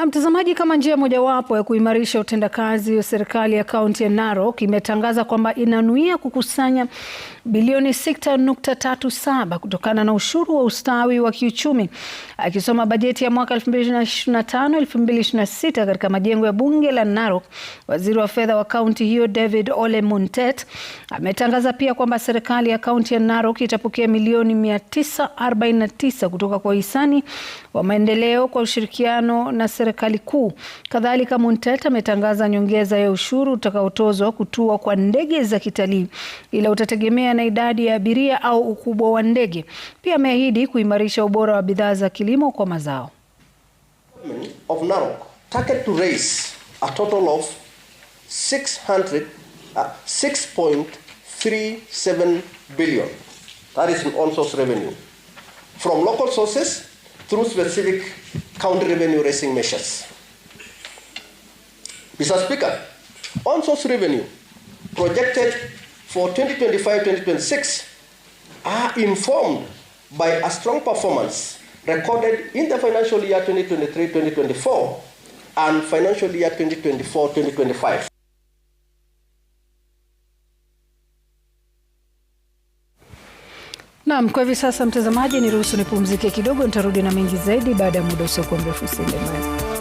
Na mtazamaji, kama njia mojawapo ya kuimarisha utendakazi wa serikali ya kaunti ya Narok imetangaza kwamba inanuia kukusanya bilioni 6.37 kutokana na ushuru wa ustawi wa kiuchumi. Akisoma bajeti ya mwaka 2025-2026 katika majengo ya bunge la Narok, waziri wa fedha wa kaunti hiyo David Ole Muntet ametangaza pia kwamba serikali ya kaunti ya Narok itapokea milioni 949 kutoka kwa hisani wa maendeleo kwa ushirikiano na serikali serikali kuu. Kadhalika, Muntet ametangaza nyongeza ya ushuru utakaotozwa kutua kwa ndege za kitalii, ila utategemea na idadi ya abiria au ukubwa wa ndege. Pia ameahidi kuimarisha ubora wa bidhaa za kilimo kwa mazao. Of Narok, target to raise a total of 600, uh, 6.37 billion. That is in on-source revenue. From local sources through specific counter revenue raising measures. Mr. Speaker, on source revenue projected for 2025-2026 are informed by a strong performance recorded in the financial year 2023-2024 and financial year 2024-2025. Naam, kwa hivi sasa mtazamaji, niruhusu nipumzike kidogo, nitarudi na mengi zaidi baada ya muda usiokuwa mrefu. Usiende